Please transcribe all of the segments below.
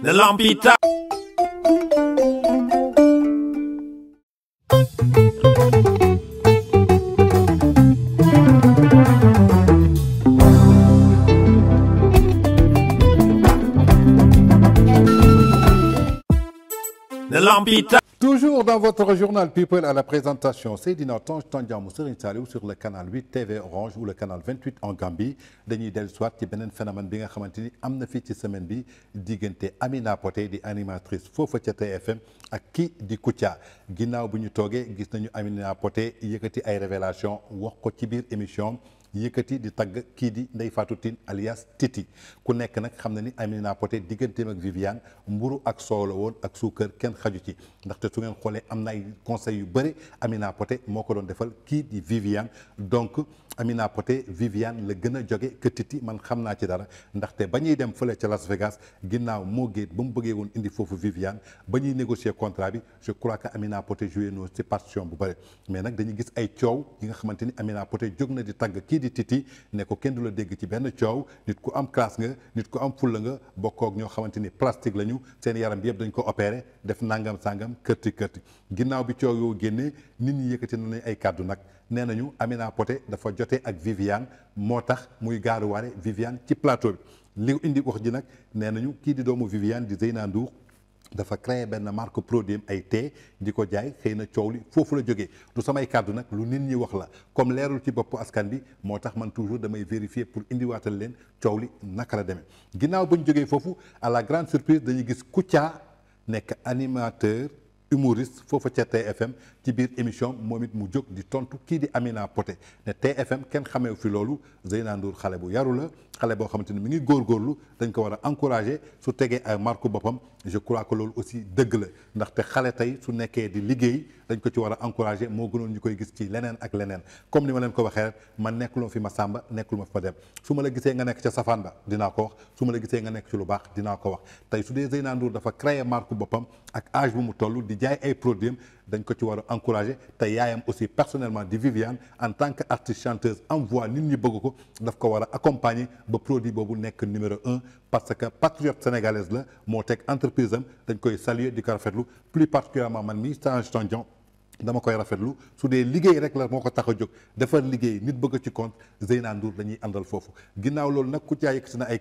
The Lampita dans votre journal People à la présentation, Seydina Tange Tandiamou Serigne Saliou sur le canal 8 TV Orange ou le canal 28 en Gambie dañuy dellu soit ci beneen phénomène bi nga xamante ni am ci semaine bi diggante Amina Poté di animatrice foofa ca TFM ak kii di Kouthia ginnaaw bu ñu gis nañu Amina Poté yëkkati ay révélation wax ko ci biir émission yëkkati di tag kii di ndey Fatou Tine alias Titi ku nekk nag xam na ni Amina Poté digganteem ak vivian mburu ak soow la woon ak suukar kenn xaju ci ndaxte su ngeen xoolee am na ay conseil yu bëri Amina Poté moo ko doon defal kii di vivian donc Amina Poté vivian la gën a joge que Titi man xam naa ci dara ndaxte ba ñuy dem fële ca Las Vegas ginnaaw moo géet ba mu bëggee woon indi foofu vivian ba ñuy négocier contrat bi je crois que Amina Poté joué no ci partition bu bëri mais nag dañuy gis ay coow yi nga xamante ni Amina Poté jóg na di tagg kii kii di Titi ne ko kenn du la dégg ci benn coow nit ku am classe nga nit ku am fulla nga bokkook ñoo xamante ni plastique lañu ñu seen yaram bi yëpp dañ ko opeere def nangam sangam kërti kërti ginnaaw bi coow yoo génnee nit ñi yëkkati nañu ay kàddu nag nee nañu naa Poté dafa jote ak vivian moo tax muy gaaruwaare Viviane ci plateau bi li indi wax ji nag nee nañu kii di doomu Viviane di Zeyna Ndour dafa créé benn marque produit ay tee di ko jaay xëy na coow li foofu la jóge lu samay kàddu nag lu nit ñi wax la comme leerul ci bopp askan bi moo tax man toujours damay vérifier pour indiwaatal leen coow li naka la demee. ginnaaw ba ñu jógee foofu à la grande surprise dañuy gis Kouthia nekk animateur. humoriste foofa ci TFM ci biir émission momit mu jog di tontu ki di Amina Poté né TFM ken xamé fi lolu Zeyna Ndour xale bu yaru la xale boo xamante mi ngi gor gorlu dañ ko wara encourager su tégué ay marque bopam je crois que lolu aussi deug la ndax té xalé tay su nekkee di liggéey dañ ko ci wara encourager mo gënon ñukoy gis ci lenen ak lenen comme ni ma leen ko waxee rek man nekkuloo fi ma samba nekkul ma fi dem suma la gisé nga nekk ci safaan ba dina ko wax suma la gisé nga nekk ci lu baax dina ko wax tay su dé Zeyna Ndour dafa créer marque bopam ak âge bu mu tollu di des ay produits dañ ko ci war encourager te aussi personnellement de Viviane en tant qu'artiste chanteuse en voix nit ni beaucoup ko daf ko war accompagner ba produit numéro un parce que patriote sénégalaise la moo teg entreprise am dañ koy saluer di ko plus particulièrement mon ministre en Tandian dama koy rafetlu su dee liggéey rek la moo mon tax de jóg nit bëgg ci compte Zeyna Ndour dañuy àndal foofu ginnaaw loolu nag ku ci na ay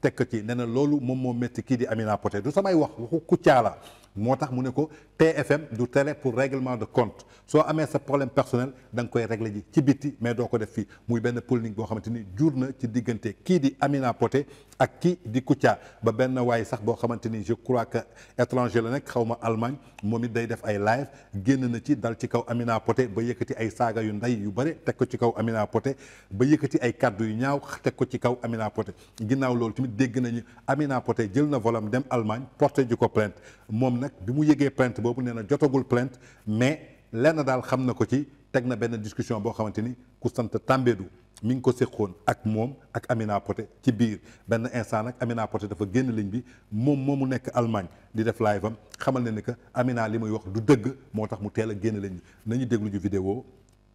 tekk ci nee na loolu moom moo métti di Amina Poté du samay wax waxu koutia la moo mu ne TFM du télé pour règlement de compte Soit amé sa problème personnel dang koy régler ji ci biti mais doo ko def fi muy ben polémique bo xamanteni ni qui ci diggante ki di Amina Poté ak ki di koutia ba ben way sax bo xamanteni je crois que étranger la nek xawma Allemagne moom day def ay live genn na ci dal ci kaw Amina Poté ba yëkkati ay saga yu nday yu bari tek ko ci kaw Amina Poté ba yëkkati ay cadeau yu ñaaw tek ko ci kaw Amina Poté ginnaw loolu dégg nañu Amina Poté jël na volam dem Allemagne porté ji ko plainte moom nag bi mu yëgee plainte boobu nee na jotagul plainte mais lenn daal xam na ko ci teg na benn discussion boo xamante ni ku sant Tambédou mi ngi ko séqoon ak moom ak Amina Poté ci biir benn instant nag Amina Poté dafa génn ligne bi moom mu nekk Allemagne di def live am xamal ne ni que Amina li muy wax du dëgg moo tax mu teel a génn ligne bi nañu déglu ju vidéo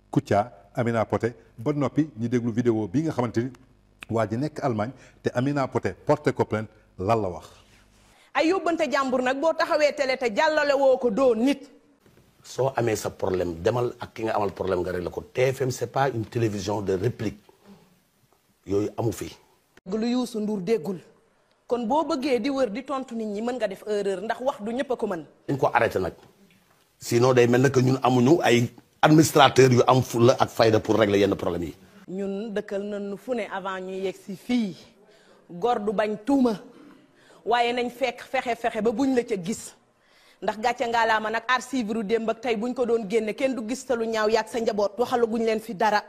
Kouthia Amina Poté ba noppi ñu déglu vidéo bii nga xamante ni waa ji nekk Allemagne te Amina Poté porté ko plainte lan la wax. ay yóbbante jàmbur nag boo taxawee télé te jàllale woo ko nit. So, amé sa problème demal ak ki nga amal problème nga réglé ko TFM c'est pas une télévision de réplique yooyu amou fi. lu yousou Ndour déggul kon bo bëggee di wër di tontu nit ñi mën nga def erreur ndax wax du ñëpp ko mën. ñu ko arrêté nak sinon day mel nak que ñun amuñu ay administrateur yu am fulla ak fayda pour régler yenn problème yi. ñun dëkkal nu fu ne avant ñuy yegg si fii gor du bañ tuuma waaye nañ fekk fexe fexe ba buñ la ca gis ndax gàcce ngaa laa ma nag archive ru démb ak tey buñ ko doon génne kenn du gis te lu ñaaw yàgg sa njaboot waxalu leen fi dara.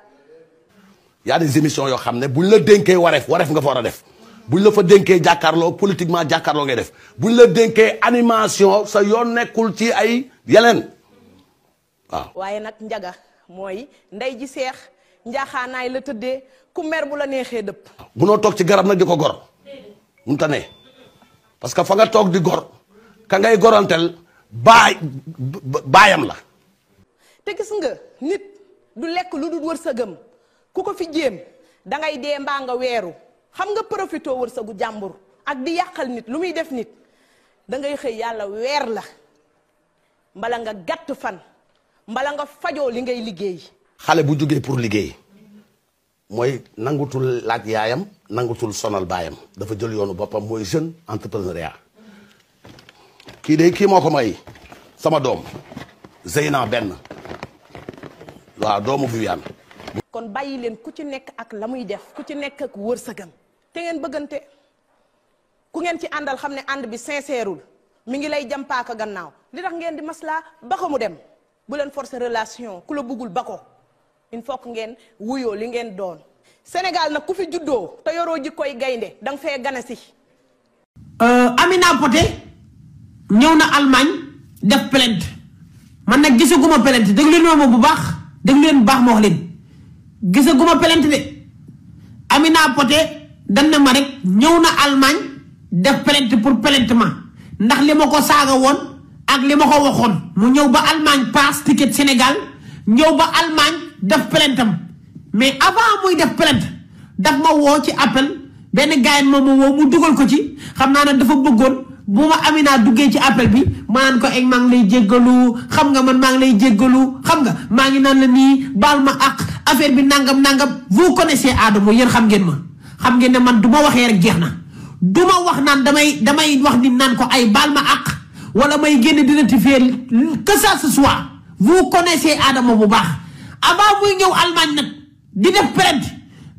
y a des yoo xam ne buñ la dénkee wareef wareef nga fa war a def buñ la fa dénkee jàkkaarloo politiquement jàkkaarloo ngay def buñ la dënkee animation sa yoon nekkul ci ay yeneen waaw. waaye nag njaga mooy ndey ji seex. njaaxaanaay la tëddee ku mer bu la neexee dëpp. munoo tok ci garab nak di gor. mu ta parce que fa nga tok di gor ka ngay gorantel bay bayam la. te gis nga nit du lek lu dul wërsëgam ku ko fi jëm da ngay dé mba nga weeru xam nga profité wërsëgu jàmbur ak di yakal nit lu muy def nit da ngay xey yalla weer la mbala nga gatt fan mbala nga fajo li ngay liggéey. xale bu jugee pour liggéey mooy nangutul laaj yaayam nangutul sonal baayam dafa jël yoonu boppam mooy jeune entrepreneuriat kii de kii moo ko may sama doom Zeyna benn waaw doomu Viviane. kon bàyyi leen ku ci nekk ak la muy def ku ci nekk ak wërsëgam te ngeen bëggante ku ngeen ci àndal xam ne ànd bi sincèreul mu ngi lay jàmpaaka gannaaw li tax ngeen di maslaa ba ko mu dem bu leen forcer relation ku la buggul ba ko il faut que ngeen wuyoo li ngeen doon Sénégal nag ku fi juddoo te yoroo jikkoy gaynde danga fee ganasi euh, Amina Poté ñëw na Allemagne def plainte man nag gisaguma plainte déglu leen ma bu baax déglu leen bu baax ma wax leen gisaguma plainte de Amina Poté dan na ma rek ñëw na Allemagne def plainte pour plainte ndax li ma ko saaga woon ak li ma ko waxoon mu ñëw ba Allemagne paas ticket Sénégal ñëw ba Allemagne def plainte am mais avant muy def plainte daf ma woo ci appel benn gaayen moom ma woo mu dugal ko ci xam naa ne dafa bëggoon bu ma Amina duggee ci appel bi ma ko eg maa lay jéggalu xam nga man maa ngi lay jéggalu xam nga maa ngi naan la nii baal ma ak affaire bi nangam nangam vous connaissez Adamo yéen xam ngeen ma xam ngeen ne man du ma waxee rek jeex na du wax naan damay damay wax ni naan ko ay baal ma ak wala may génn dina ti que ça ce soit vous connaissez aadama bu baax avant muy ñëw Allemagne nag di def plainte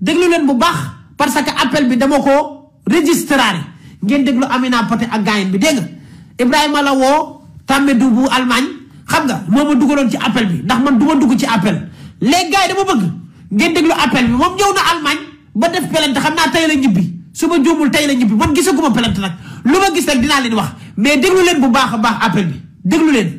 déglu leen bu baax parce que appel bi dama ko registraré ngeen déglu Amina Poté ak gaayen bi dégg nga Ibrahima la woo Tambédou bu Allemagne xam nga moo ma dugaloon ci appel bi ndax man du ma dugg ci appel léegi gars yi dama bëgg ngeen déglu appel bi moom ñëw na Allemagne ba def plainte xam naa tey la ñibbi su ma juumul tey la ñibbi man gisaguma plainte nag lu ma gis rek dinaa leen wax mais déglu leen bu baax a baax appel bi déglu leen.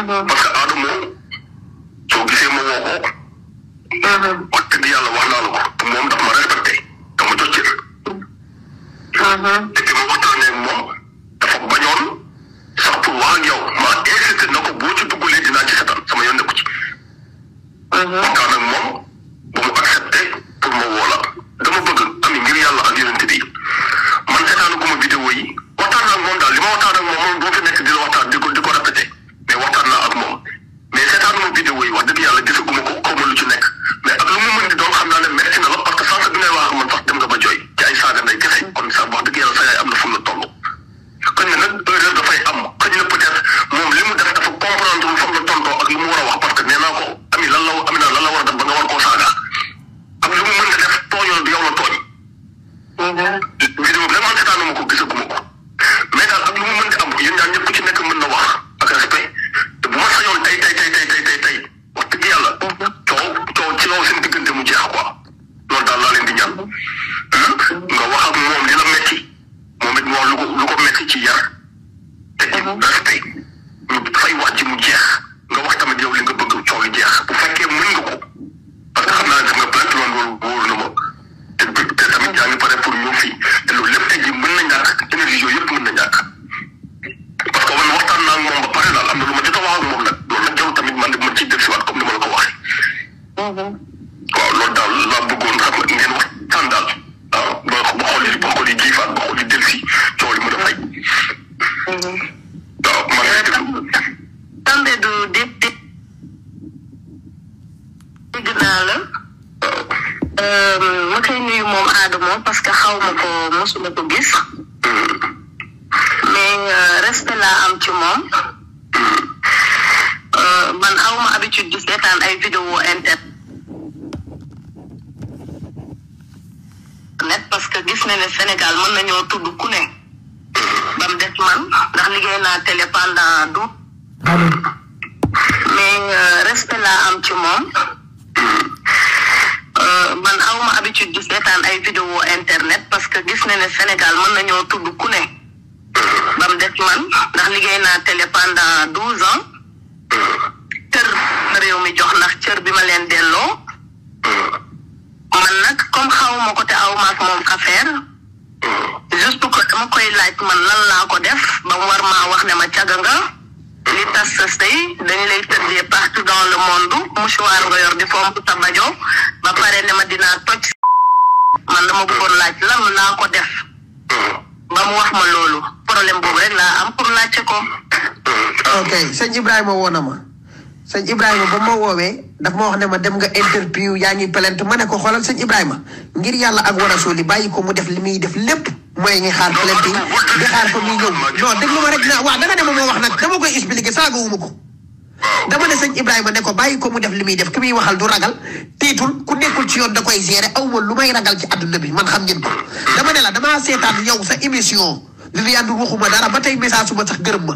parce que aadama soo gisee ma woo ko wax dëgg yàlla wax naa la ko moom daf ma respecté dama jox cër. fii te loolu lépp tey jii mën na ñàkk énergie yooyu yëpp mën na ñàkk parce que man waxtaan naa moom ba pare daal am na lu ma jot a wax ak moom nag loolu nag jarul tamit man ma ciy dellusiwaat comme ni ma la ko waxee. Euh, ma koy nuyu moom Adamo parce que xaw ma ko mosuma ko gis mais euh, respect laa am ci moom euh, man aw ma habitude di seetaan ay vidéo internet parce que gis na ne Sénégal mën nañoo tudd ku ne ba mu des man ndax liggéey naa télé pendant du mais respect laa am ci moom que gis na ne Sénégal mën nañoo tudd ku ne bam def man ndax liggéey naa télé pendant 12 ans cër réew mi jox nak cër bi ma leen man nak comme xawuma ko te awmaak moom affaire juste ko dama koy laaj man lan la ko def ba war ma wax ne ma tiaga nga li tass sa dañ lay tëddee partout dans le monde mouchoir nga yor di fomp sa ba paré ne ma dina toj man na moo bëggoon laaj lan laa ko def. Hmm. ba mu wax ma loolu problème boobu rek laa am pour laajte ko. Hmm. ok sëñ Ibrahima woo na ma sëñ Ibrahima ba moo woowee daf moo wax ne ma dem nga interview yaa ngi plainte ma ne ko xoolal sëñ Ibrahima ngir yàlla ak war a suuli bàyyi ko mu def li muy def lépp mooy ngi xaar plainte yi di xaar ko muy ñëw non déglu ma rek na waaw danga ne ma moo wax nag dama koy expliquer saaga wu ma ko. dama ne sëñ Ibrahima ne ko bàyyi ko mu def li muy def ki muy waxal du ragal tiitul ku nekkul ci yoon da koy gérer aw ma lu may ragal ci àdduna bi man xam ngeen ko dama ne la damaa seetaan yow sa émission. Viviane waxuma dara ba tey message su ma sax gërëm ma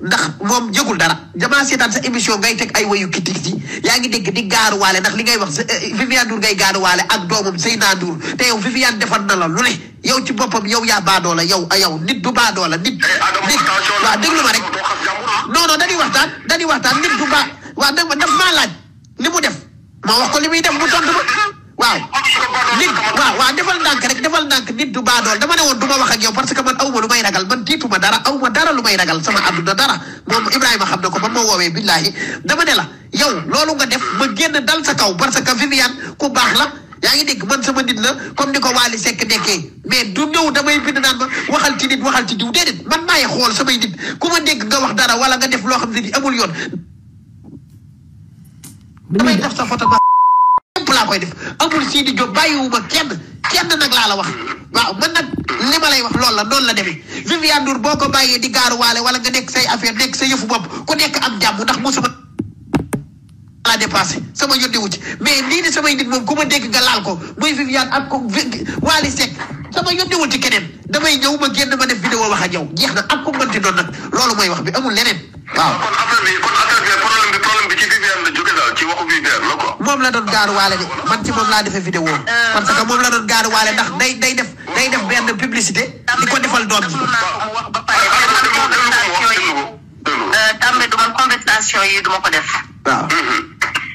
ndax moom jëgul dara damaa seetaan sa émission ngay teg ay wayu critique ci yaa ngi dégg di gaaruwaale ndax li ngay wax eh, eh, Viviane Ndour ngay gaaruwaale ak doomam Seyna Ndour te yow Viviane defar na la lu ne yow ci boppam yow yaa baadoo la yow a ah, yow nit du baadoo la nit. Eh, waaw déglu ma rek ah. non non dañuy waxtaan dañuy waxtaan nit du ba waaw daf maa laaj li mu def ma wax ko li muy def mu tontu ma. waaw nit waaw waaw defal ndànk rek defal ndànk nit du baadool dama ne woon du ma wax ak yow parce que man aw ma lu may ragal man tiitu ma dara aw ma dara lu may ragal sama àdduna dara moom Ibrahima xam na ko ba ma woowee billahi dama ne la yow loolu nga def ma génn dal sa kaw parce que Viviane ku baax la yaa ngi dégg man sama nit la comme ni ko Waly Seck nekkee mais du ñëw damay bind naan ma waxal ci nit waxal ci jiw déedéet man maay xool samay nit ku ma dégg nga wax dara wala nga def loo xam ne ni amul yoon damay def sa photo laa koy def amul Sidi Diop bàyyiwuma kenn kenn nag laa la wax waaw man nag li ma lay wax loolu la noonu la demee Viviane Ndour boo ko bàyyee di gaaruwaale wala nga nekk say affaire nekk sa yëfu bopp ku nekk am jàmm ndax musuma laa dépassé sama yónni wu mais nii ni samay nit moom ku ma dégg nga laal ko muy Viviane ak ko Waly Seck sama yónni wu ci keneen damay ñëw ma génn ma def vidéo wax a yow jeex na ak man mënti doon nag loolu mooy wax bi amul leneen. waaw kon affaire bi kon affaire bi problème bi ci VVR la jóge daal ci waxu VVR la quoi. moom la doon gaaruwaale de man ci moom laa defee vidéo euh, parce que moom la doon gaaruwaale ndax day day def day def benn publicité. di ko defal doom ji. wax ba pare tambe euh, du man conversation ko def. waaw. Mhm.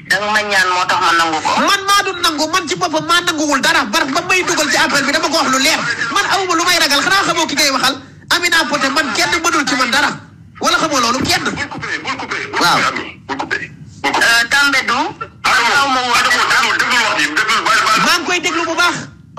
danga ma ñaan moo tax ma nangu ko. man maa du nangu man ci boppam maa nanguwul dara bar ba may dugal ci appel bi dama ko wax lu leer man awuma lu may ragal xanaa xamoo ki ngay waxal Amina Poté man kenn mënul ci man dara. wala xamoo loolu kenn. bul coupé bul coupé. waaw bul coupé bul coupé. Tambédou. Adama Adama déglu wax ji déglu bàyyi bàyyi. maa ngi koy déglu bu baax.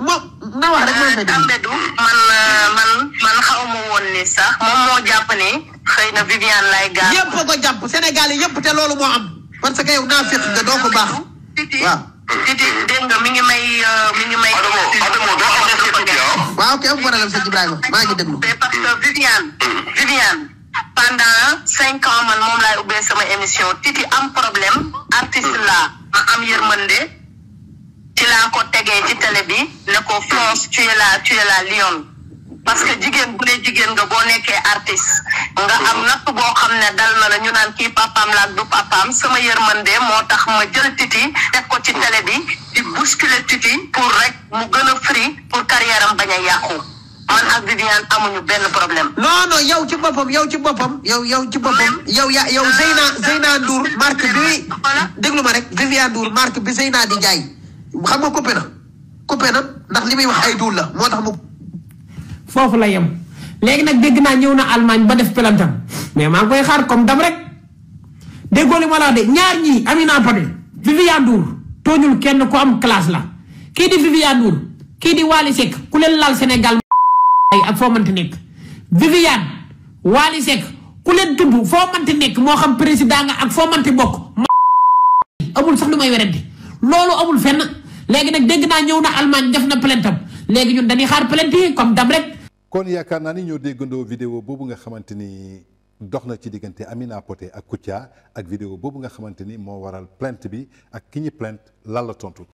moom na wax rek maa euh, ngi Tambédou man euh, man man xaw ma woon ni sax moom moo jàpp ne xëy na Viviane lay gaal. yëpp a ko jàpp Sénégal yëpp te loolu moo am. parce que yow naa fekk nga doo ko baax. waaw. titi dégg nga mi ngi may euh, mi ngi may. Ah. waaw ok am problème sëñ Ibrahima maa ngi déglu. parce que Viviane Viviane. pendant cinq ans man moom laay ubbee sama émission titi am problème artiste la ma am yërmande ci laa ko tegee ci télé bi ne ko France tu es la tu la lion parce que jigéen bu dee jigéen nga boo nekkee artiste nga am natt boo xam ne dal na la ñu naan kii papaam la ak du papaam sama yërmande moo tax ma jël titi teg ko ci télé bi di bousculer titi pour rek mu gën a free pour carrière bañ a yàqu man ak Viviane amuñu benn yow ci boppam yow ci boppam yow yow ci boppam. yow ya yow Zeyna Zeyna Ndour marque bi. déglu ma rek Viviane Ndour marque bi naa di jaay xam nga coupé na coupé na ndax li muy wax ay duul la moo tax mu. foofu la yem léegi nag dégg naa ñëw na Allemagne ba def pelantam mais maa ngi koy xaar comme dam rek déggoo li ma la de ñaar ñii Amina Poté Viviane Ndour tooñul kenn ku am classe la kii di Viviane Ndour kii di Wally Seck ku leen laal ay ak foo mënti nekk Viviane Wally Seck ku leen tudd foo mënti nekk moo xam président nga ak foo mënti bokk amul sax lu may werendi loolu amul fenn léegi nag dégg naa ñëw na Allemagne def na plainte am léegi ñun dañuy xaar plainte yi comme dam rek kon yaakaar naa ni ñoo déggandoo vidéo boobu nga xamante ni dox na ci diggante Amina Poté ak Kouthia ak vidéo boobu nga xamante ni moo waral plainte bi ak ki ñi plainte lan la tontu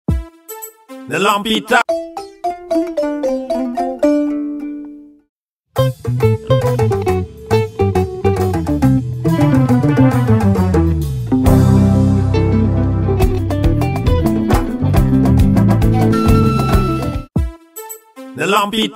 lampita